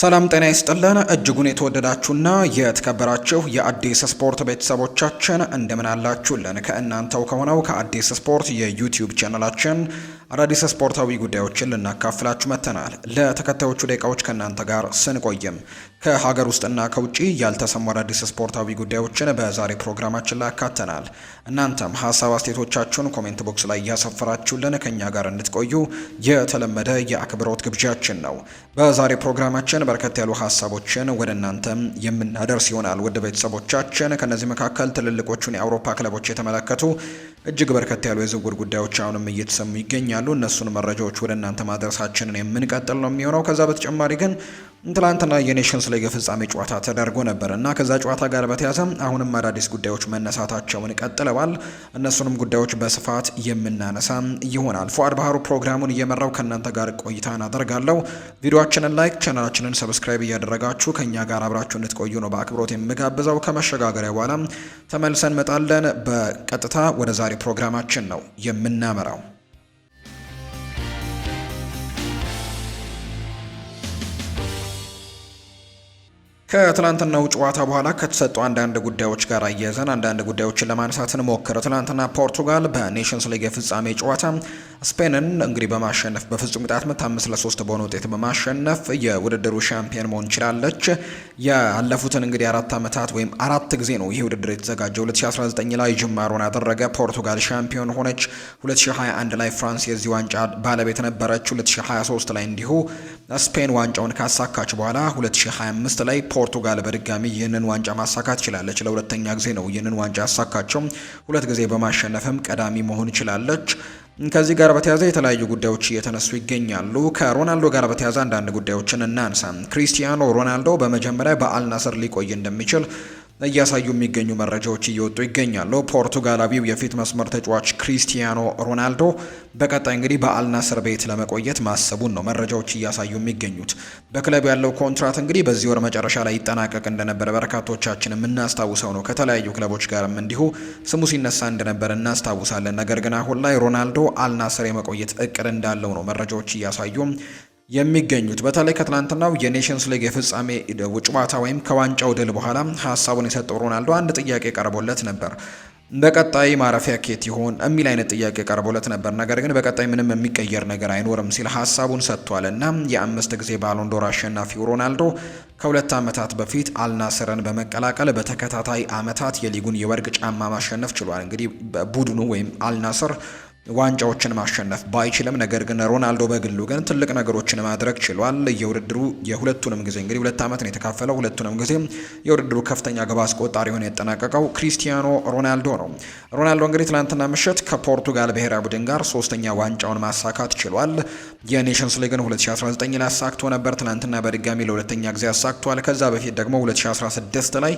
ሰላም ጤና ይስጥልን እጅጉን የተወደዳችሁና የተከበራችሁ የአዲስ ስፖርት ቤተሰቦቻችን እንደምን አላችሁልን? ከእናንተው ከሆነው ከአዲስ ስፖርት የዩቲዩብ ቻናላችን አዳዲስ ስፖርታዊ ጉዳዮችን ልናካፍላችሁ መጥተናል። ለተከታዮቹ ደቂቃዎች ከእናንተ ጋር ስንቆይም ከሀገር ውስጥና ከውጭ ያልተሰሙ አዳዲስ ስፖርታዊ ጉዳዮችን በዛሬ ፕሮግራማችን ላይ አካተናል። እናንተም ሀሳብ አስተያየቶቻችሁን ኮሜንት ቦክስ ላይ እያሰፈራችሁልን ከእኛ ጋር እንድትቆዩ የተለመደ የአክብሮት ግብዣችን ነው። በዛሬ ፕሮግራማችን በርከት ያሉ ሀሳቦችን ወደ እናንተም የምናደርስ ይሆናል። ውድ ቤተሰቦቻችን ከእነዚህ መካከል ትልልቆቹን የአውሮፓ ክለቦች የተመለከቱ እጅግ በርከት ያሉ የዝውውር ጉዳዮች አሁንም እየተሰሙ ይገኛሉ። እነሱን መረጃዎች ወደ እናንተ ማድረሳችንን የምንቀጥል ነው የሚሆነው። ከዛ በተጨማሪ ግን ትላንትና የኔሽንስ ሊግ ፍጻሜ ጨዋታ ተደርጎ ነበር እና ከዛ ጨዋታ ጋር በተያዘ አሁንም አዳዲስ ጉዳዮች መነሳታቸውን ቀጥለዋል። እነሱንም ጉዳዮች በስፋት የምናነሳ ይሆናል። ፉአድ ባህሩ ፕሮግራሙን እየመራው ከእናንተ ጋር ቆይታን አደርጋለሁ። ቪዲዮችንን ላይክ፣ ቻናላችንን ሰብስክራይብ እያደረጋችሁ ከእኛ ጋር አብራችሁ እንድትቆዩ ነው በአክብሮት የምጋብዘው። ከመሸጋገሪያ በኋላ ተመልሰን መጣለን። በቀጥታ ወደ ዛሬ ዛሬ ፕሮግራማችን ነው የምናመራው። ከትላንትናው ጨዋታ በኋላ ከተሰጡ አንዳንድ ጉዳዮች ጋር አያይዘን አንዳንድ ጉዳዮችን ለማንሳት እንሞክር። ትናንትና ፖርቱጋል በኔሽንስ ሊግ የፍጻሜ ጨዋታ ስፔንን እንግዲህ በማሸነፍ በፍጹም ቅጣት ምት አምስት ለሶስት በሆነ ውጤት በማሸነፍ የውድድሩ ሻምፒዮን መሆን ችላለች። ያለፉትን እንግዲህ አራት ዓመታት ወይም አራት ጊዜ ነው ይህ ውድድር የተዘጋጀው። 2019 ላይ ጅማሮን አደረገ፣ ፖርቱጋል ሻምፒዮን ሆነች። 2021 ላይ ፍራንስ የዚህ ዋንጫ ባለቤት ነበረች። 2023 ላይ እንዲሁ ስፔን ዋንጫውን ካሳካች በኋላ 2025 ላይ ፖርቱጋል በድጋሚ ይህንን ዋንጫ ማሳካት ችላለች። ለሁለተኛ ጊዜ ነው ይህንን ዋንጫ ያሳካቸው። ሁለት ጊዜ በማሸነፍም ቀዳሚ መሆን ችላለች። ከዚህ ጋር በተያዘ የተለያዩ ጉዳዮች እየተነሱ ይገኛሉ። ከሮናልዶ ጋር በተያዘ አንዳንድ ጉዳዮችን እናንሳ። ክሪስቲያኖ ሮናልዶ በመጀመሪያ በአልናስር ሊቆይ እንደሚችል እያሳዩ የሚገኙ መረጃዎች እየወጡ ይገኛሉ። ፖርቱጋላዊው የፊት መስመር ተጫዋች ክሪስቲያኖ ሮናልዶ በቀጣይ እንግዲህ በአልናስር ቤት ለመቆየት ማሰቡን ነው መረጃዎች እያሳዩ የሚገኙት። በክለቡ ያለው ኮንትራት እንግዲህ በዚህ ወር መጨረሻ ላይ ይጠናቀቅ እንደነበረ በርካቶቻችን የምናስታውሰው ነው። ከተለያዩ ክለቦች ጋርም እንዲሁ ስሙ ሲነሳ እንደነበረ እናስታውሳለን። ነገር ግን አሁን ላይ ሮናልዶ አልናስር የመቆየት እቅድ እንዳለው ነው መረጃዎች እያሳዩ የሚገኙት በተለይ ከትናንትናው የኔሽንስ ሊግ የፍጻሜ ጨዋታ ወይም ከዋንጫው ድል በኋላ ሀሳቡን የሰጠው ሮናልዶ አንድ ጥያቄ ቀርቦለት ነበር። በቀጣይ ማረፊያ ኬት ይሆን የሚል አይነት ጥያቄ ቀርቦለት ነበር። ነገር ግን በቀጣይ ምንም የሚቀየር ነገር አይኖርም ሲል ሀሳቡን ሰጥቷል እና የአምስት ጊዜ ባሎንዶር አሸናፊው ሮናልዶ ከሁለት ዓመታት በፊት አልናስርን በመቀላቀል በተከታታይ ዓመታት የሊጉን የወርቅ ጫማ ማሸነፍ ችሏል። እንግዲህ ቡድኑ ወይም አልናስር ዋንጫዎችን ማሸነፍ ባይችልም ነገር ግን ሮናልዶ በግሉ ግን ትልቅ ነገሮችን ማድረግ ችሏል። የውድድሩ የሁለቱንም ጊዜ እንግዲህ ሁለት ዓመት ነው የተካፈለው። ሁለቱንም ጊዜ የውድድሩ ከፍተኛ ግብ አስቆጣሪ ሆኖ ያጠናቀቀው ክሪስቲያኖ ሮናልዶ ነው። ሮናልዶ እንግዲህ ትናንትና ምሽት ከፖርቱጋል ብሔራዊ ቡድን ጋር ሶስተኛ ዋንጫውን ማሳካት ችሏል። የኔሽንስ ሊግን 2019 ላይ አሳክቶ ነበር። ትላንትና በድጋሚ ለሁለተኛ ጊዜ አሳክቷል። ከዛ በፊት ደግሞ 2016 ላይ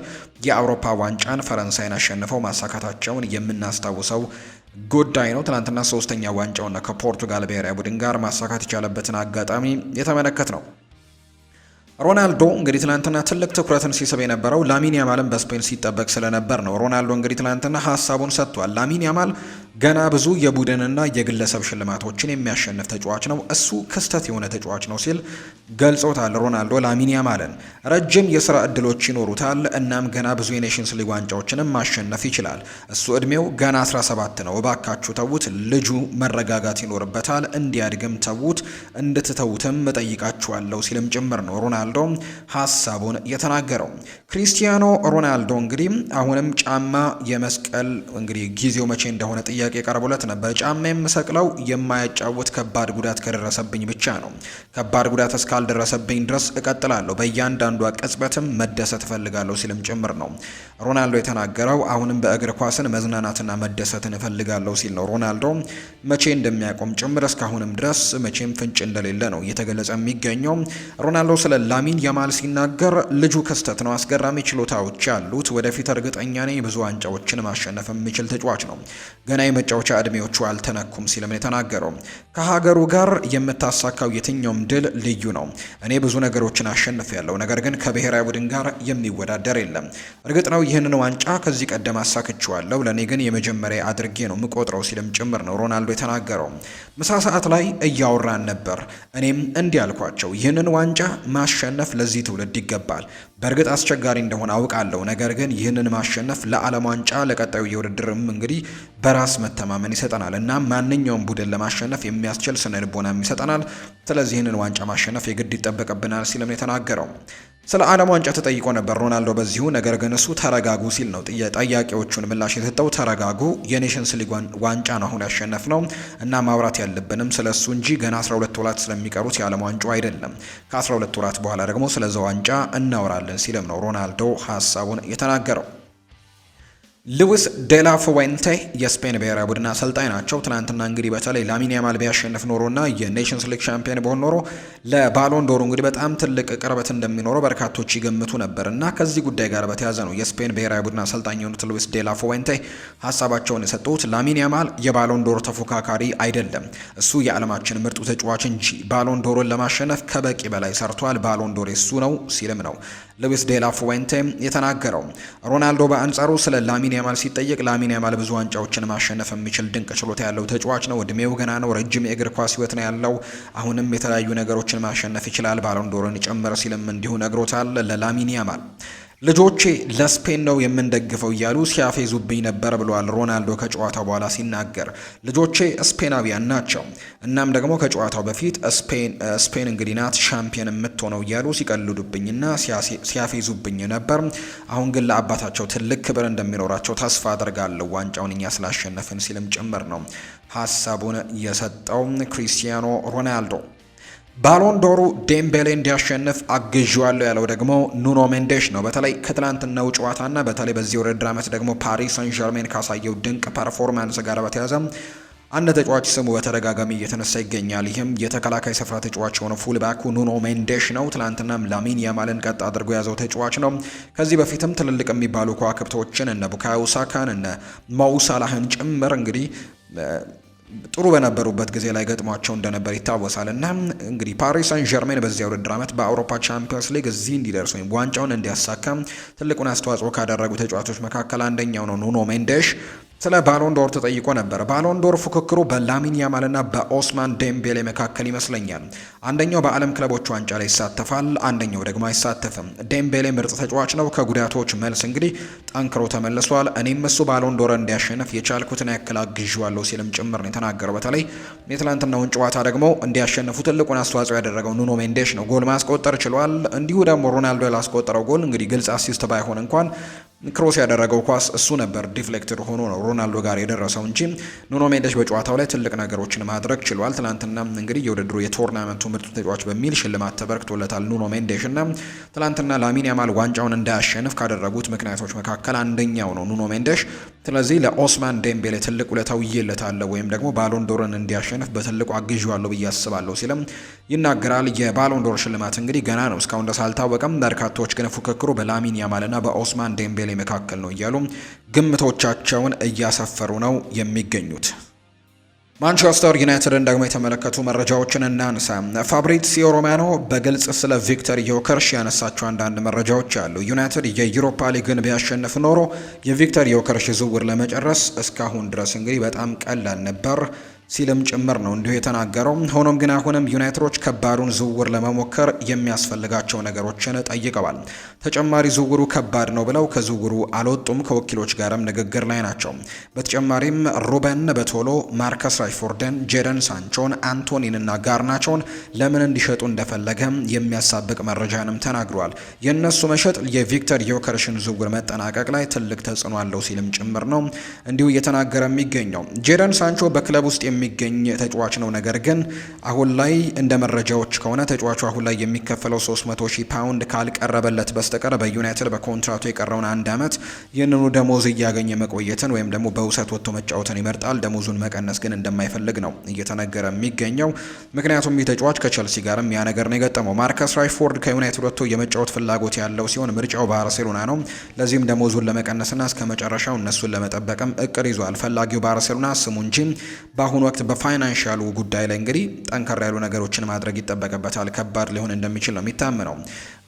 የአውሮፓ ዋንጫን ፈረንሳይን አሸንፈው ማሳካታቸውን የምናስታውሰው ጉዳይ ነው። ትናንትና ሶስተኛ ዋንጫውና ከፖርቱጋል ብሔራዊ ቡድን ጋር ማሳካት የቻለበትን አጋጣሚ የተመለከት ነው። ሮናልዶ እንግዲህ ትናንትና ትልቅ ትኩረትን ሲስብ የነበረው ላሚን ያማልን በስፔን ሲጠበቅ ስለነበር ነው። ሮናልዶ እንግዲህ ትናንትና ሀሳቡን ሰጥቷል። ላሚን ያማል ገና ብዙ የቡድንና የግለሰብ ሽልማቶችን የሚያሸንፍ ተጫዋች ነው። እሱ ክስተት የሆነ ተጫዋች ነው ሲል ገልጾታል። ሮናልዶ ላሚን ያማልን ረጅም የስራ እድሎች ይኖሩታል፣ እናም ገና ብዙ የኔሽንስ ሊግ ዋንጫዎችንም ማሸነፍ ይችላል። እሱ እድሜው ገና 17 ነው። እባካችሁ ተዉት። ልጁ መረጋጋት ይኖርበታል። እንዲያድግም ተዉት፣ እንድትተዉትም እጠይቃችኋለሁ ሲልም ጭምር ነው ሮናልዶ ሀሳቡን የተናገረው። ክሪስቲያኖ ሮናልዶ እንግዲህ አሁንም ጫማ የመስቀል እንግዲህ ጊዜው መቼ እንደሆነ ጥያቄ ጥያቄ ቀርቦለት ነበር። ጫማ የምሰቅለው የማያጫውት ከባድ ጉዳት ከደረሰብኝ ብቻ ነው። ከባድ ጉዳት እስካልደረሰብኝ ድረስ እቀጥላለሁ። በእያንዳንዷ ቅጽበትም መደሰት እፈልጋለሁ ሲልም ጭምር ነው ሮናልዶ የተናገረው። አሁንም በእግር ኳስን መዝናናትና መደሰትን እፈልጋለሁ ሲል ነው ሮናልዶ መቼ እንደሚያቆም ጭምር እስካሁንም ድረስ መቼም ፍንጭ እንደሌለ ነው እየተገለጸ የሚገኘው። ሮናልዶ ስለ ላሚን ያማል ሲናገር ልጁ ክስተት ነው፣ አስገራሚ ችሎታዎች ያሉት ወደፊት እርግጠኛ ነኝ ብዙ ዋንጫዎችን ማሸነፍ የሚችል ተጫዋች ነው። ገና የመጫወቻ እድሜዎቹ አልተነኩም ሲልም የተናገረው ከሀገሩ ጋር የምታሳካው የትኛውም ድል ልዩ ነው። እኔ ብዙ ነገሮችን አሸንፍ ያለው ነገር ግን ከብሔራዊ ቡድን ጋር የሚወዳደር የለም። እርግጥ ነው ይህንን ዋንጫ ከዚህ ቀደም አሳክችዋለሁ። ለእኔ ግን የመጀመሪያ አድርጌ ነው የምቆጥረው ሲልም ጭምር ነው ሮናልዶ የተናገረው። ምሳ ሰዓት ላይ እያወራን ነበር። እኔም እንዲህ አልኳቸው፣ ይህንን ዋንጫ ማሸነፍ ለዚህ ትውልድ ይገባል። በእርግጥ አስቸጋሪ እንደሆነ አውቃለሁ፣ ነገር ግን ይህንን ማሸነፍ ለዓለም ዋንጫ ለቀጣዩ የውድድርም እንግዲህ በራስ መተማመን ይሰጠናል እና ማንኛውም ቡድን ለማሸነፍ የሚያስችል ስነ ልቦናም ይሰጠናል። ስለዚህ ይህንን ዋንጫ ማሸነፍ የግድ ይጠበቅብናል ሲልም የተናገረው ስለ ዓለም ዋንጫ ተጠይቆ ነበር ሮናልዶ በዚሁ ነገር ግን እሱ ተረጋጉ ሲል ነው ጠያቂዎቹን ምላሽ የሰጠው። ተረጋጉ፣ የኔሽንስ ሊግ ዋንጫ ነው አሁን ያሸነፍ ነው እና ማውራት ያለብንም ስለ እሱ እንጂ ገና 12 ወራት ስለሚቀሩት የዓለም ዋንጫው አይደለም። ከ12 ወራት በኋላ ደግሞ ስለዛ ዋንጫ እናወራለን ሲልም ነው ሮናልዶ ሀሳቡን የተናገረው። ሉዊስ ዴላ ፉዌንቴ የስፔን ብሔራዊ ቡድን አሰልጣኝ ናቸው። ትናንትና እንግዲህ በተለይ ላሚን ያማል ቢያሸንፍ ኖሮ ኖሮና የኔሽንስ ሊግ ሻምፒዮን በሆን ኖሮ ለባሎን ዶሩ እንግዲህ በጣም ትልቅ ቅርበት እንደሚኖረው በርካቶች ይገምቱ ነበር እና ከዚህ ጉዳይ ጋር በተያያዘ ነው የስፔን ብሔራዊ ቡድን አሰልጣኝ የሆኑት ሉዊስ ዴላ ፉዌንቴ ሀሳባቸውን የሰጡት። ላሚን ያማል የባሎን ዶሩ ተፎካካሪ አይደለም፣ እሱ የዓለማችን ምርጡ ተጫዋች እንጂ ባሎን ዶሮን ለማሸነፍ ከበቂ በላይ ሰርቷል። ባሎን ዶር እሱ ነው ሲልም ነው ሉዊስ ዴላ ፉዌንቴ የተናገረው። ሮናልዶ በአንጻሩ ስለ ላሚን ያማል ሲጠየቅ ላሚን ያማል ብዙ ዋንጫዎችን ማሸነፍ የሚችል ድንቅ ችሎታ ያለው ተጫዋች ነው። እድሜው ገና ነው። ረጅም የእግር ኳስ ህይወት ነው ያለው። አሁንም የተለያዩ ነገሮችን ማሸነፍ ይችላል፣ ባሎንዶርን ጭምር ሲልም እንዲሁ ነግሮታል ለላሚን ያማል። ልጆቼ ለስፔን ነው የምንደግፈው እያሉ ሲያፌዙብኝ ነበር ብለዋል ሮናልዶ ከጨዋታው በኋላ ሲናገር። ልጆቼ ስፔናውያን ናቸው፣ እናም ደግሞ ከጨዋታው በፊት ስፔን እንግዲህ ናት ሻምፒየን የምትሆነው እያሉ ሲቀልዱብኝና ሲያፌዙብኝ ነበር። አሁን ግን ለአባታቸው ትልቅ ክብር እንደሚኖራቸው ተስፋ አድርጋለሁ፣ ዋንጫውን እኛ ስላሸነፍን ሲልም ጭምር ነው ሀሳቡን የሰጠው ክሪስቲያኖ ሮናልዶ። ባሎንዶሩ ዴምቤሌ እንዲያሸንፍ አግዣለሁ ያለው ደግሞ ኑኖ ሜንዴሽ ነው። በተለይ ከትላንትናው ጨዋታና በተለይ በዚህ ውድድር ዓመት ደግሞ ፓሪስ ሰን ዠርሜን ካሳየው ድንቅ ፐርፎርማንስ ጋር በተያያዘ አንድ ተጫዋች ስሙ በተደጋጋሚ እየተነሳ ይገኛል። ይህም የተከላካይ ስፍራ ተጫዋች የሆነው ፉልባኩ ኑኖ ሜንዴሽ ነው። ትላንትናም ላሚን ያማልን ቀጥ አድርጎ የያዘው ተጫዋች ነው። ከዚህ በፊትም ትልልቅ የሚባሉ ከዋክብቶችን እነ ቡካዮ ሳካን እነ ማውሳላህን ጭምር እንግዲህ ጥሩ በነበሩበት ጊዜ ላይ ገጥሟቸው እንደነበር ይታወሳል። እና እንግዲህ ፓሪስ ሳን ጀርሜን በዚያ ውድድር ዓመት በአውሮፓ ቻምፒየንስ ሊግ እዚህ እንዲደርስ ወይም ዋንጫውን እንዲያሳካም ትልቁን አስተዋጽኦ ካደረጉ ተጫዋቾች መካከል አንደኛው ነው ኑኖ ሜንዴሽ ስለ ባሎንዶር ተጠይቆ ነበር። ባሎንዶር ፉክክሩ በላሚን ያማልና በኦስማን ዴምቤሌ መካከል ይመስለኛል። አንደኛው በዓለም ክለቦች ዋንጫ ላይ ይሳተፋል፣ አንደኛው ደግሞ አይሳተፍም። ዴምቤሌ ምርጥ ተጫዋች ነው። ከጉዳቶች መልስ እንግዲህ ጠንክሮ ተመልሷል። እኔም እሱ ባሎንዶር እንዲያሸንፍ የቻልኩትን ያክል አግዣለሁ ሲልም ጭምር ነው የተናገረው። በተለይ የትላንትናውን ጨዋታ ደግሞ እንዲያሸንፉ ትልቁን አስተዋጽኦ ያደረገው ኑኖ ሜንዴሽ ነው። ጎል ማስቆጠር ችሏል። እንዲሁ ደግሞ ሮናልዶ ላስቆጠረው ጎል እንግዲህ ግልጽ አሲስት ባይሆን እንኳን ክሮስ ያደረገው ኳስ እሱ ነበር። ዲፍሌክትድ ሆኖ ነው ሮናልዶ ጋር የደረሰው እንጂ ኑኖ ሜንዴሽ በጨዋታው ላይ ትልቅ ነገሮችን ማድረግ ችሏል። ትላንትና እንግዲህ የውድድሩ የቶርናመንቱ ምርጡ ተጫዋች በሚል ሽልማት ተበርክቶለታል። ኑኖ ሜንዴሽ እና ትላንትና ላሚን ያማል ዋንጫውን እንዳያሸንፍ ካደረጉት ምክንያቶች መካከል አንደኛው ነው ኑኖ ሜንዴሽ። ስለዚህ ለኦስማን ዴምቤሌ ትልቅ ውለታው ይለታል ወይም ደግሞ ባሎንዶርን እንዲያሸንፍ ለማሸነፍ በትልቁ አግዤዋለሁ ብዬ አስባለሁ ሲልም ይናገራል። የባሎንዶር ሽልማት እንግዲህ ገና ነው፣ እስካሁን ደስ አልታወቀም። በርካቶች ግን ፉክክሩ በላሚን ያማልና በኦስማን ዴምቤሌ መካከል ነው እያሉ ግምቶቻቸውን እያሰፈሩ ነው የሚገኙት። ማንቸስተር ዩናይትድን ደግሞ የተመለከቱ መረጃዎችን እናንሳ። ፋብሪዚዮ ሮማኖ በግልጽ ስለ ቪክተር ዮከርሽ ያነሳቸው አንዳንድ መረጃዎች አሉ። ዩናይትድ የዩሮፓ ሊግን ቢያሸንፍ ኖሮ የቪክተር ዮከርሽ ዝውውር ለመጨረስ እስካሁን ድረስ እንግዲህ በጣም ቀላል ነበር ሲልም ጭምር ነው እንዲሁ የተናገረው። ሆኖም ግን አሁንም ዩናይትዶች ከባዱን ዝውውር ለመሞከር የሚያስፈልጋቸው ነገሮችን ጠይቀዋል። ተጨማሪ ዝውውሩ ከባድ ነው ብለው ከዝውውሩ አልወጡም። ከወኪሎች ጋርም ንግግር ላይ ናቸው። በተጨማሪም ሩበን በቶሎ፣ ማርከስ ራሽፎርድን፣ ጄደን ሳንቾን፣ አንቶኒንና ጋርናቸውን ለምን እንዲሸጡ እንደፈለገ የሚያሳብቅ መረጃንም ተናግሯል። የእነሱ መሸጥ የቪክተር ዮከርሽን ዝውውር መጠናቀቅ ላይ ትልቅ ተጽዕኖ አለው ሲልም ጭምር ነው እንዲሁ እየተናገረ የሚገኘው ጄደን ሳንቾ በክለብ ውስጥ የሚገኝ ተጫዋች ነው። ነገር ግን አሁን ላይ እንደ መረጃዎች ከሆነ ተጫዋቹ አሁን ላይ የሚከፈለው 300 ሺ ፓውንድ ካልቀረበለት በስተቀር በዩናይትድ በኮንትራቱ የቀረውን አንድ አመት ይህንኑ ደሞዝ እያገኘ መቆየትን ወይም ደግሞ በውሰት ወጥቶ መጫወትን ይመርጣል። ደሞዙን መቀነስ ግን እንደማይፈልግ ነው እየተነገረ የሚገኘው። ምክንያቱም ይህ ተጫዋች ከቸልሲ ጋርም ያ ነገር ነው የገጠመው። ማርከስ ራሽፎርድ ከዩናይትድ ወጥቶ የመጫወት ፍላጎት ያለው ሲሆን ምርጫው ባርሴሎና ነው። ለዚህም ደሞዙን ለመቀነስና እስከ መጨረሻው እነሱን ለመጠበቅም እቅድ ይዟል። ፈላጊው ባርሴሎና ስሙ እንጂ በአሁኑ ወቅት በፋይናንሻሉ ጉዳይ ላይ እንግዲህ ጠንከር ያሉ ነገሮችን ማድረግ ይጠበቅበታል። ከባድ ሊሆን እንደሚችል ነው የሚታመነው።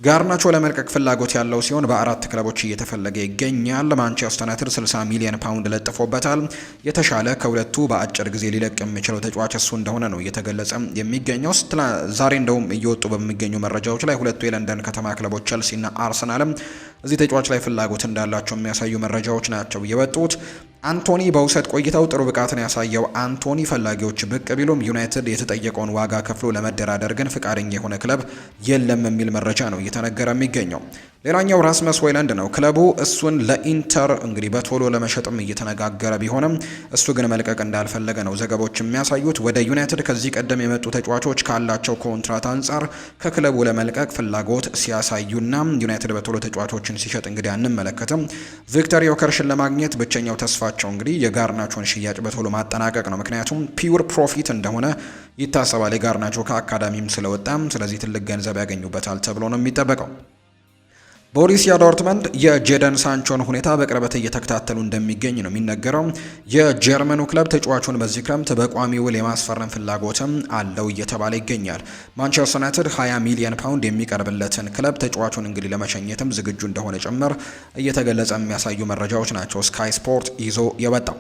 ጋርናቾ ለመልቀቅ ፍላጎት ያለው ሲሆን በአራት ክለቦች እየተፈለገ ይገኛል። ማንቸስተር ዩናይትድ 60 ሚሊዮን ፓውንድ ለጥፎበታል። የተሻለ ከሁለቱ በአጭር ጊዜ ሊለቅ የሚችለው ተጫዋች እሱ እንደሆነ ነው እየተገለጸ የሚገኘው። ዛሬ እንደውም እየወጡ በሚገኙ መረጃዎች ላይ ሁለቱ የለንደን ከተማ ክለቦች ቸልሲና አርሰናልም እዚህ ተጫዋች ላይ ፍላጎት እንዳላቸው የሚያሳዩ መረጃዎች ናቸው የወጡት። አንቶኒ በውሰት ቆይታው ጥሩ ብቃትን ያሳየው አንቶኒ ፈላጊዎች ብቅ ቢሉም ዩናይትድ የተጠየቀውን ዋጋ ከፍሎ ለመደራደር ግን ፍቃደኛ የሆነ ክለብ የለም የሚል መረጃ ነው እየተነገረ የሚገኘው ሌላኛው ራስመስ ሆይለንድ ነው። ክለቡ እሱን ለኢንተር እንግዲህ በቶሎ ለመሸጥም እየተነጋገረ ቢሆንም እሱ ግን መልቀቅ እንዳልፈለገ ነው ዘገባዎች የሚያሳዩት። ወደ ዩናይትድ ከዚህ ቀደም የመጡ ተጫዋቾች ካላቸው ኮንትራት አንጻር ከክለቡ ለመልቀቅ ፍላጎት ሲያሳዩና ዩናይትድ በቶሎ ተጫዋቾችን ሲሸጥ እንግዲህ አንመለከትም። ቪክተር ዮከርሽን ለማግኘት ብቸኛው ተስፋቸው እንግዲህ የጋርናቾን ሽያጭ በቶሎ ማጠናቀቅ ነው። ምክንያቱም ፒውር ፕሮፊት እንደሆነ ይታሰባል። የጋርናቾ ከአካዳሚም ስለወጣም፣ ስለዚህ ትልቅ ገንዘብ ያገኙበታል ተብሎ ነው የሚጠበቀው። ቦሪሲያ ዶርትመንድ የጄደን ሳንቾን ሁኔታ በቅርበት እየተከታተሉ እንደሚገኝ ነው የሚነገረው። የጀርመኑ ክለብ ተጫዋቹን በዚህ ክረምት በቋሚ ውል የማስፈረም ፍላጎትም አለው እየተባለ ይገኛል። ማንቸስተር ዩናይትድ 20 ሚሊዮን ፓውንድ የሚቀርብለትን ክለብ ተጫዋቹን እንግዲህ ለመሸኘትም ዝግጁ እንደሆነ ጭምር እየተገለጸ የሚያሳዩ መረጃዎች ናቸው ስካይ ስፖርት ይዞ የወጣው።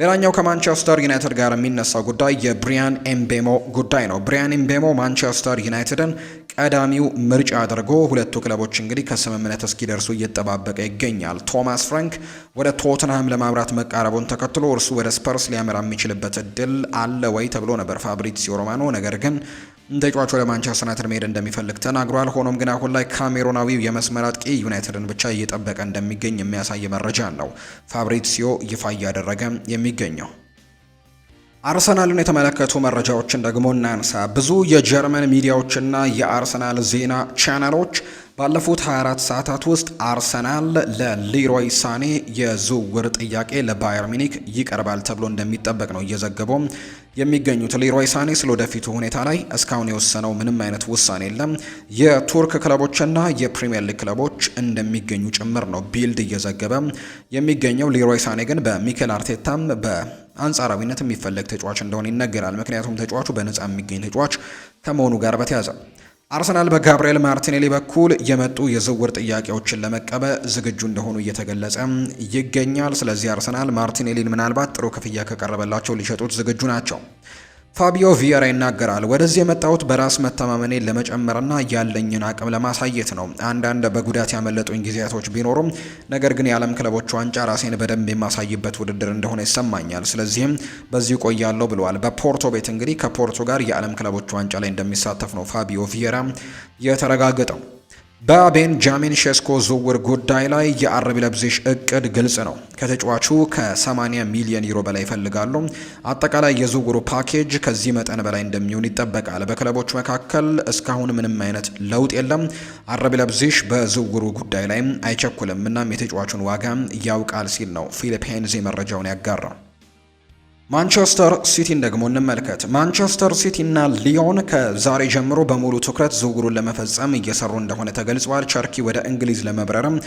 ሌላኛው ከማንቸስተር ዩናይትድ ጋር የሚነሳው ጉዳይ የብሪያን ኤምቤሞ ጉዳይ ነው። ብሪያን ኤምቤሞ ማንቸስተር ዩናይትድን ቀዳሚው ምርጫ አድርጎ ሁለቱ ክለቦች እንግዲህ ከስምምነት እስኪደርሱ እየተጠባበቀ ይገኛል። ቶማስ ፍራንክ ወደ ቶትንሃም ለማምራት መቃረቡን ተከትሎ እርሱ ወደ ስፐርስ ሊያመራ የሚችልበት እድል አለ ወይ ተብሎ ነበር ፋብሪዚዮ ሮማኖ ነገር ግን ተጫዋቹ ወደ ማንቸስተር ዩናይትድ መሄድ እንደሚፈልግ ተናግሯል። ሆኖም ግን አሁን ላይ ካሜሮናዊው የመስመር አጥቂ ዩናይትድን ብቻ እየጠበቀ እንደሚገኝ የሚያሳይ መረጃ አለው ፋብሪሲዮ ይፋ እያደረገ የሚገኘው። አርሰናልን የተመለከቱ መረጃዎችን ደግሞ እናንሳ። ብዙ የጀርመን ሚዲያዎችና የአርሰናል ዜና ቻናሎች ባለፉት 24 ሰዓታት ውስጥ አርሰናል ለሊሮይ ሳኔ የዝውውር ጥያቄ ለባየር ሚኒክ ይቀርባል ተብሎ እንደሚጠበቅ ነው እየዘገበው የሚገኙት። ሊሮይ ሳኔ ስለወደፊቱ ሁኔታ ላይ እስካሁን የወሰነው ምንም አይነት ውሳኔ የለም። የቱርክ ክለቦችና የፕሪምየር ሊግ ክለቦች እንደሚገኙ ጭምር ነው ቢልድ እየዘገበ የሚገኘው። ሊሮይ ሳኔ ግን በሚኬል አርቴታም በአንጻራዊነት የሚፈለግ ተጫዋች እንደሆነ ይነገራል። ምክንያቱም ተጫዋቹ በነፃ የሚገኝ ተጫዋች ከመሆኑ ጋር በተያያዘ አርሰናል በጋብርኤል ማርቲኔሊ በኩል የመጡ የዝውውር ጥያቄዎችን ለመቀበል ዝግጁ እንደሆኑ እየተገለጸ ይገኛል። ስለዚህ አርሰናል ማርቲኔሊን ምናልባት ጥሩ ክፍያ ከቀረበላቸው ሊሸጡት ዝግጁ ናቸው። ፋቢዮ ቪየራ ይናገራል። ወደዚህ የመጣሁት በራስ መተማመኔን ለመጨመርና ያለኝን አቅም ለማሳየት ነው። አንዳንድ በጉዳት ያመለጡኝ ጊዜያቶች ቢኖሩም ነገር ግን የዓለም ክለቦች ዋንጫ ራሴን በደንብ የማሳይበት ውድድር እንደሆነ ይሰማኛል። ስለዚህም በዚህ ቆያለሁ ብለዋል። በፖርቶ ቤት እንግዲህ ከፖርቶ ጋር የዓለም ክለቦች ዋንጫ ላይ እንደሚሳተፍ ነው ፋቢዮ ቪየራ የተረጋገጠው። በቤንጃሚን ሼስኮ ዝውውር ጉዳይ ላይ የአረብ ለብዜሽ እቅድ ግልጽ ነው። ከተጫዋቹ ከ80 ሚሊዮን ዩሮ በላይ ይፈልጋሉ። አጠቃላይ የዝውውሩ ፓኬጅ ከዚህ መጠን በላይ እንደሚሆን ይጠበቃል። በክለቦች መካከል እስካሁን ምንም አይነት ለውጥ የለም። አረብ ለብዜሽ በዝውውሩ ጉዳይ ላይም አይቸኩልም፣ እናም የተጫዋቹን ዋጋ ያውቃል ሲል ነው ፊሊፕ ሄንዚ መረጃውን ያጋራው። ማንቸስተር ሲቲን ደግሞ እንመልከት። ማንቸስተር ሲቲ እና ሊዮን ከዛሬ ጀምሮ በሙሉ ትኩረት ዝውውሩን ለመፈጸም እየሰሩ እንደሆነ ተገልጿል። ቸርኪ ወደ እንግሊዝ ለመብረርም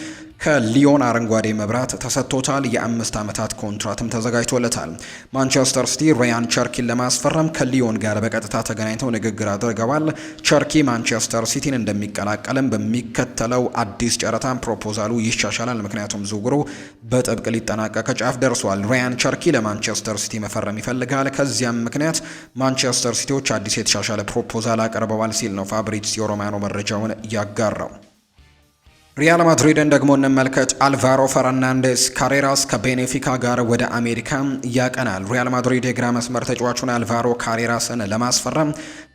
ከሊዮን አረንጓዴ መብራት ተሰጥቶታል። የአምስት ዓመታት ኮንትራትም ተዘጋጅቶለታል። ማንቸስተር ሲቲ ሪያን ቸርኪን ለማስፈረም ከሊዮን ጋር በቀጥታ ተገናኝተው ንግግር አድርገዋል። ቸርኪ ማንቸስተር ሲቲን እንደሚቀላቀልም በሚከተለው አዲስ ጨረታ ፕሮፖዛሉ ይሻሻላል፣ ምክንያቱም ዝውውሩ በጥብቅ ሊጠናቀቅ ጫፍ ደርሷል። ሪያን ቸርኪ ለማንቸስተር ሲቲ መፈረም ይፈልጋል። ከዚያም ምክንያት ማንቸስተር ሲቲዎች አዲስ የተሻሻለ ፕሮፖዛል አቅርበዋል ሲል ነው ፋብሪዚዮ ሮማኖ መረጃውን ያጋራው። ሪያል ማድሪድን ደግሞ እንመልከት። አልቫሮ ፈርናንዴስ ካሬራስ ከቤኔፊካ ጋር ወደ አሜሪካ ያቀናል። ሪያል ማድሪድ የግራ መስመር ተጫዋቹን አልቫሮ ካሬራስን ለማስፈረም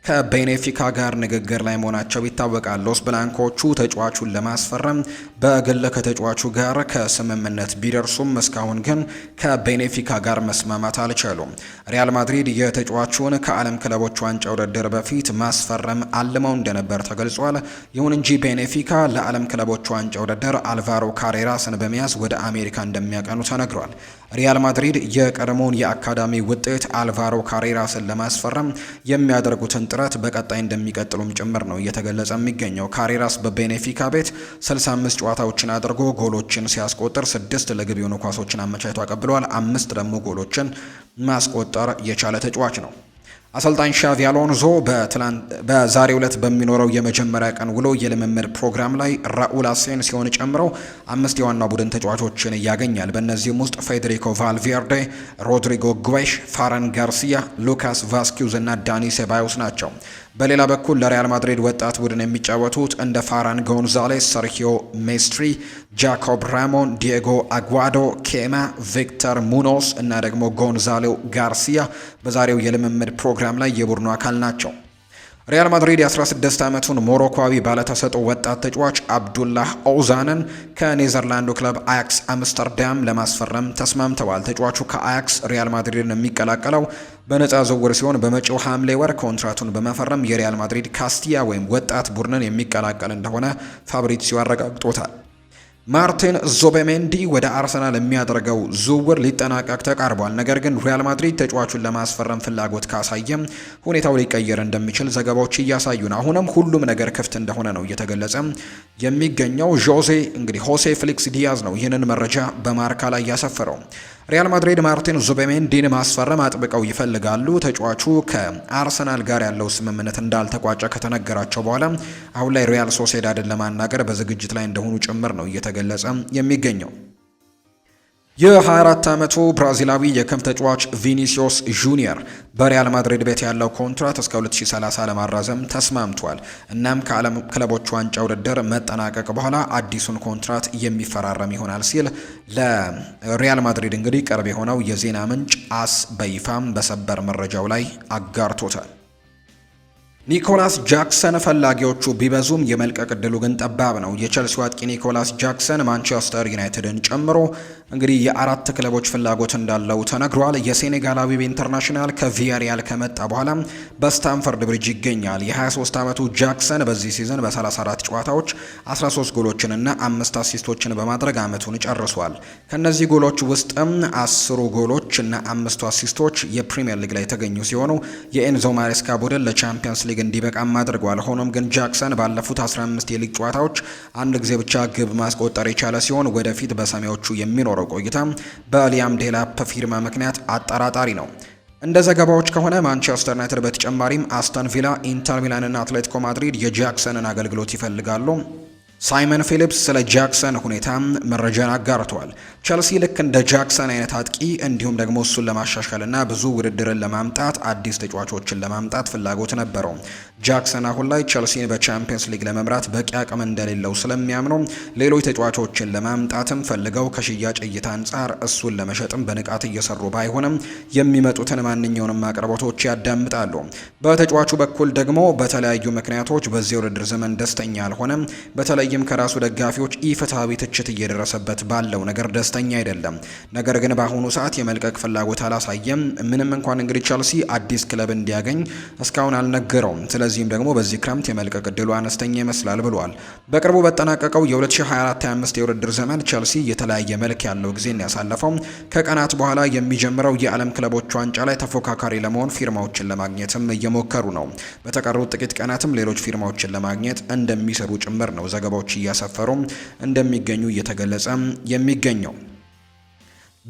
ከቤኔፊካ ጋር ንግግር ላይ መሆናቸው ይታወቃል። ሎስ ብላንኮቹ ተጫዋቹን ለማስፈረም በግል ከተጫዋቹ ጋር ከስምምነት ቢደርሱም እስካሁን ግን ከቤኔፊካ ጋር መስማማት አልቻሉም። ሪያል ማድሪድ የተጫዋቹን ከዓለም ክለቦች ዋንጫ ውድድር በፊት ማስፈረም አልመው እንደነበር ተገልጿል። ይሁን እንጂ ቤኔፊካ ለዓለም ክለቦች ዋንጫ ውድድር አልቫሮ ካሬራስን በመያዝ ወደ አሜሪካ እንደሚያቀኑ ተነግሯል። ሪያል ማድሪድ የቀድሞውን የአካዳሚ ውጤት አልቫሮ ካሬራስን ለማስፈረም የሚያደርጉትን ጥረት በቀጣይ እንደሚቀጥሉም ጭምር ነው እየተገለጸ የሚገኘው። ካሬራስ በቤኔፊካ ቤት 65 ጨዋታዎችን አድርጎ ጎሎችን ሲያስቆጥር ስድስት ለግብ የሆኑ ኳሶችን አመቻችቶ አቀብለዋል። አምስት ደግሞ ጎሎችን ማስቆጠር የቻለ ተጫዋች ነው። አሰልጣኝ ሻቪ አሎንዞ በዛሬው ዕለት በሚኖረው የመጀመሪያ ቀን ውሎ የልምምድ ፕሮግራም ላይ ራኡል ሲሆን ጨምረው አምስት የዋና ቡድን ተጫዋቾችን ያገኛል። በእነዚህም ውስጥ ፌዴሪኮ ቫልቬርዴ፣ ሮድሪጎ ጉዌሽ፣ ፋረን ጋርሲያ፣ ሉካስ ቫስኪዩዝ እና ዳኒ ሴባዮስ ናቸው። በሌላ በኩል ለሪያል ማድሪድ ወጣት ቡድን የሚጫወቱት እንደ ፋራን ጎንዛሌስ፣ ሰርኪዮ ሜስትሪ፣ ጃኮብ ራሞን፣ ዲየጎ አጓዶ፣ ኬማ፣ ቪክተር ሙኖስ እና ደግሞ ጎንዛሎ ጋርሲያ በዛሬው የልምምድ ፕሮግራም ላይ የቡድኑ አካል ናቸው። ሪያል ማድሪድ የ16 ዓመቱን ሞሮኳዊ ባለተሰጡ ወጣት ተጫዋች አብዱላህ ኦዛንን ከኔዘርላንዱ ክለብ አያክስ አምስተርዳም ለማስፈረም ተስማምተዋል። ተጫዋቹ ከአያክስ ሪያል ማድሪድን የሚቀላቀለው በነፃ ዝውውር ሲሆን በመጪው ሐምሌ ወር ኮንትራቱን በመፈረም የሪያል ማድሪድ ካስቲያ ወይም ወጣት ቡድንን የሚቀላቀል እንደሆነ ፋብሪሲዮ አረጋግጦታል። ማርቲን ዞቤሜንዲ ወደ አርሰናል የሚያደርገው ዝውውር ሊጠናቀቅ ተቃርቧል። ነገር ግን ሪያል ማድሪድ ተጫዋቹን ለማስፈረም ፍላጎት ካሳየም ሁኔታው ሊቀየር እንደሚችል ዘገባዎች እያሳዩ ነው። አሁንም ሁሉም ነገር ክፍት እንደሆነ ነው እየተገለጸ የሚገኘው። ጆዜ እንግዲህ ሆሴ ፍሊክስ ዲያዝ ነው ይህንን መረጃ በማርካ ላይ ያሰፈረው። ሪያል ማድሪድ ማርቲን ዙቤሜንዲን ማስፈረም አጥብቀው ይፈልጋሉ። ተጫዋቹ ከአርሰናል ጋር ያለው ስምምነት እንዳልተቋጨ ከተነገራቸው በኋላ አሁን ላይ ሪያል ሶሴዳድን ለማናገር በዝግጅት ላይ እንደሆኑ ጭምር ነው እየተገለጸ የሚገኘው። የ24 ዓመቱ ብራዚላዊ የክንፍ ተጫዋች ቪኒሲዮስ ጁኒየር በሪያል ማድሪድ ቤት ያለው ኮንትራት እስከ 2030 ለማራዘም ተስማምቷል። እናም ከዓለም ክለቦች ዋንጫ ውድድር መጠናቀቅ በኋላ አዲሱን ኮንትራት የሚፈራረም ይሆናል ሲል ለሪያል ማድሪድ እንግዲህ ቅርብ የሆነው የዜና ምንጭ አስ በይፋም በሰበር መረጃው ላይ አጋርቶታል። ኒኮላስ ጃክሰን ፈላጊዎቹ ቢበዙም የመልቀቅ እድሉ ግን ጠባብ ነው። የቸልሲው አጥቂ ኒኮላስ ጃክሰን ማንቸስተር ዩናይትድን ጨምሮ እንግዲህ የአራት ክለቦች ፍላጎት እንዳለው ተነግሯል። የሴኔጋላዊው ኢንተርናሽናል ከቪያሪያል ከመጣ በኋላ በስታንፈርድ ብሪጅ ይገኛል። የ23 ዓመቱ ጃክሰን በዚህ ሲዝን በ34 ጨዋታዎች 13 ጎሎችንና አምስት አሲስቶችን በማድረግ ዓመቱን ጨርሷል። ከእነዚህ ጎሎች ውስጥም አስሩ ጎሎች እና አምስቱ አሲስቶች የፕሪምየር ሊግ ላይ የተገኙ ሲሆኑ የኤንዞ ማሬስካ ቡድን ለቻምፒየንስ ሊግ ሊግ እንዲበቃም አድርጓል። ሆኖም ግን ጃክሰን ባለፉት 15 የሊግ ጨዋታዎች አንድ ጊዜ ብቻ ግብ ማስቆጠር የቻለ ሲሆን ወደፊት በሰሜዎቹ የሚኖረው ቆይታ በሊያም ዴላፕ ፊርማ ምክንያት አጠራጣሪ ነው። እንደ ዘገባዎች ከሆነ ማንቸስተር ዩናይትድ በተጨማሪም አስተን ቪላ፣ ኢንተር ሚላን እና አትሌቲኮ ማድሪድ የጃክሰንን አገልግሎት ይፈልጋሉ። ሳይመን ፊሊፕስ ስለ ጃክሰን ሁኔታ መረጃን አጋርቷል። ቸልሲ ልክ እንደ ጃክሰን አይነት አጥቂ እንዲሁም ደግሞ እሱን ለማሻሻልና ብዙ ውድድርን ለማምጣት አዲስ ተጫዋቾችን ለማምጣት ፍላጎት ነበረው። ጃክሰን አሁን ላይ ቸልሲን በቻምፒየንስ ሊግ ለመምራት በቂ አቅም እንደሌለው ስለሚያምኑ ሌሎች ተጫዋቾችን ለማምጣትም ፈልገው ከሽያጭ እይታ አንጻር እሱን ለመሸጥም በንቃት እየሰሩ ባይሆንም የሚመጡትን ማንኛውንም አቅርቦቶች ያዳምጣሉ። በተጫዋቹ በኩል ደግሞ በተለያዩ ምክንያቶች በዚህ ውድድር ዘመን ደስተኛ አልሆነም። በተለይ በተለይም ከራሱ ደጋፊዎች ኢፍትሐዊ ትችት እየደረሰበት ባለው ነገር ደስተኛ አይደለም። ነገር ግን በአሁኑ ሰዓት የመልቀቅ ፍላጎት አላሳየም። ምንም እንኳን እንግዲህ ቸልሲ አዲስ ክለብ እንዲያገኝ እስካሁን አልነገረውም። ስለዚህም ደግሞ በዚህ ክረምት የመልቀቅ እድሉ አነስተኛ ይመስላል ብሏል። በቅርቡ በጠናቀቀው የ2024/25 የውድድር ዘመን ቸልሲ የተለያየ መልክ ያለው ጊዜን ያሳለፈው ከቀናት በኋላ የሚጀምረው የዓለም ክለቦች ዋንጫ ላይ ተፎካካሪ ለመሆን ፊርማዎችን ለማግኘትም እየሞከሩ ነው። በተቀሩት ጥቂት ቀናትም ሌሎች ፊርማዎችን ለማግኘት እንደሚሰሩ ጭምር ነው ዘገባው ኮከቦች እያሰፈሩ እንደሚገኙ እየተገለጸ የሚገኘው።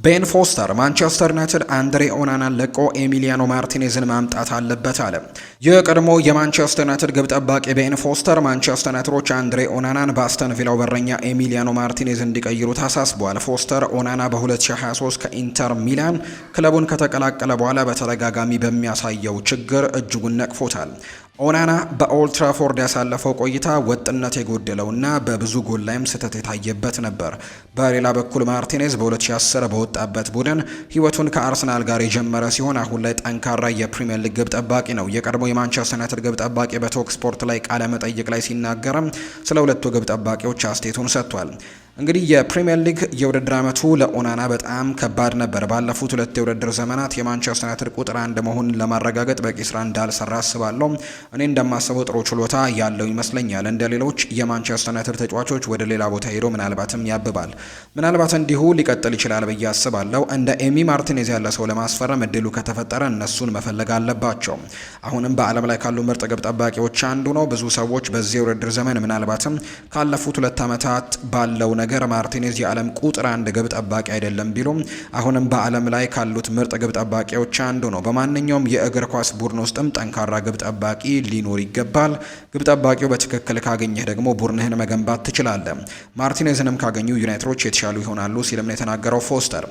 ቤን ፎስተር ማንቸስተር ዩናይትድ አንድሬ ኦናናን ለቆ ኤሚሊያኖ ማርቲኔዝን ማምጣት አለበት አለ። የቀድሞ የማንቸስተር ዩናይትድ ግብ ጠባቂ ቤን ፎስተር ማንቸስተር ዩናይትዶች አንድሬ ኦናናን በአስተን ቪላው በረኛ ኤሚሊያኖ ማርቲኔዝ እንዲቀይሩ ታሳስቧል። ፎስተር ኦናና በ2023 ከኢንተር ሚላን ክለቡን ከተቀላቀለ በኋላ በተደጋጋሚ በሚያሳየው ችግር እጅጉን ነቅፎታል። ኦናና በኦልትራፎርድ ያሳለፈው ቆይታ ወጥነት የጎደለውና በብዙ ጎል ላይም ስህተት የታየበት ነበር። በሌላ በኩል ማርቲኔዝ በ2010 በወጣበት ቡድን ሕይወቱን ከአርሰናል ጋር የጀመረ ሲሆን አሁን ላይ ጠንካራ የፕሪምየር ሊግ ግብ ጠባቂ ነው። የቀድሞው የማንቸስተር ዩናይትድ ግብ ጠባቂ በቶክ ስፖርት ላይ ቃለ መጠይቅ ላይ ሲናገርም ስለ ሁለቱ ግብ ጠባቂዎች አስቴቱን ሰጥቷል። እንግዲህ የፕሪሚየር ሊግ የውድድር ዓመቱ ለኦናና በጣም ከባድ ነበር። ባለፉት ሁለት የውድድር ዘመናት የማንቸስተር ዩናይትድ ቁጥር አንድ መሆን ለማረጋገጥ በቂ ስራ እንዳልሰራ አስባለሁ። እኔ እንደማስበው ጥሩ ችሎታ ያለው ይመስለኛል። እንደ ሌሎች የማንቸስተር ዩናይትድ ተጫዋቾች ወደ ሌላ ቦታ ሄዶ ምናልባትም ያብባል፣ ምናልባት እንዲሁ ሊቀጥል ይችላል ብዬ አስባለሁ። እንደ ኤሚ ማርቲኔዝ ያለ ሰው ለማስፈረም እድሉ ከተፈጠረ እነሱን መፈለግ አለባቸው። አሁንም በዓለም ላይ ካሉ ምርጥ ግብ ጠባቂዎች አንዱ ነው። ብዙ ሰዎች በዚህ የውድድር ዘመን ምናልባትም ካለፉት ሁለት ዓመታት ባለው ነገር ማርቲኔዝ የዓለም ቁጥር አንድ ግብ ጠባቂ አይደለም ቢሉም አሁንም በዓለም ላይ ካሉት ምርጥ ግብ ጠባቂዎች አንዱ ነው። በማንኛውም የእግር ኳስ ቡድን ውስጥም ጠንካራ ግብ ጠባቂ ሊኖር ይገባል። ግብ ጠባቂው በትክክል ካገኘህ ደግሞ ቡድንህን መገንባት ትችላለህ። ማርቲኔዝንም ካገኙ ዩናይትዶች የተሻሉ ይሆናሉ ሲልም ነው የተናገረው ፎስተር።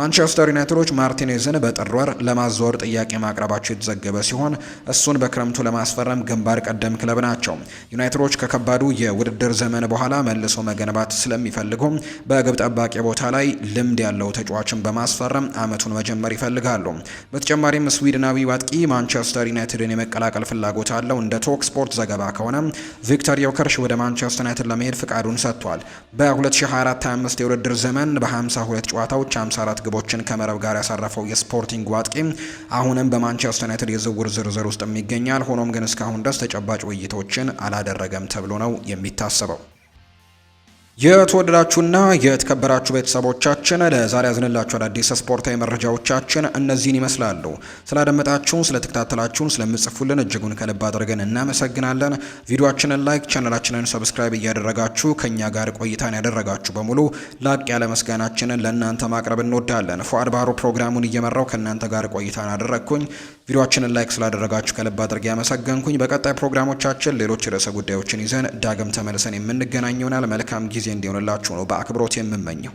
ማንቸስተር ዩናይትዶች ማርቲኔዝን በጥር ወር ለማዘወር ጥያቄ ማቅረባቸው የተዘገበ ሲሆን እሱን በክረምቱ ለማስፈረም ግንባር ቀደም ክለብ ናቸው። ዩናይትዶች ከከባዱ የውድድር ዘመን በኋላ መልሶ መገንባት ስለሚፈ ፈልጎ በግብ ጠባቂ ቦታ ላይ ልምድ ያለው ተጫዋችን በማስፈረም አመቱን መጀመር ይፈልጋሉ። በተጨማሪም ስዊድናዊ አጥቂ ማንቸስተር ዩናይትድን የመቀላቀል ፍላጎት አለው። እንደ ቶክ ስፖርት ዘገባ ከሆነ ቪክተር ዮከርሽ ወደ ማንቸስተር ዩናይትድ ለመሄድ ፍቃዱን ሰጥቷል። በ2024/25 የውድድር ዘመን በ52 ጨዋታዎች 54 ግቦችን ከመረብ ጋር ያሳረፈው የስፖርቲንግ አጥቂ አሁንም በማንቸስተር ዩናይትድ የዝውውር ዝርዝር ውስጥ ይገኛል። ሆኖም ግን እስካሁን ድረስ ተጨባጭ ውይይቶችን አላደረገም ተብሎ ነው የሚታሰበው። የተወደዳችሁና የተከበራችሁ ቤተሰቦቻችን ለዛሬ ያዝንላችሁ አዳዲስ ስፖርታዊ መረጃዎቻችን እነዚህን ይመስላሉ። ስላደመጣችሁን፣ ስለተከታተላችሁን፣ ስለምጽፉልን እጅጉን ከልብ አድርገን እናመሰግናለን። ቪዲዮችንን ላይክ፣ ቻነላችንን ሰብስክራይብ እያደረጋችሁ ከእኛ ጋር ቆይታን ያደረጋችሁ በሙሉ ላቅ ያለ መስጋናችንን ለእናንተ ማቅረብ እንወዳለን። ፉአድ ባህሩ ፕሮግራሙን እየመራው ከእናንተ ጋር ቆይታን አደረግኩኝ። ቪዲዮችንን ላይክ ስላደረጋችሁ ከልብ አድርጌ ያመሰገንኩኝ። በቀጣይ ፕሮግራሞቻችን ሌሎች ርዕሰ ጉዳዮችን ይዘን ዳግም ተመልሰን የምንገናኘውናል። መልካም ጊዜ ጊዜ እንዲሆንላችሁ ነው በአክብሮት የምመኘው።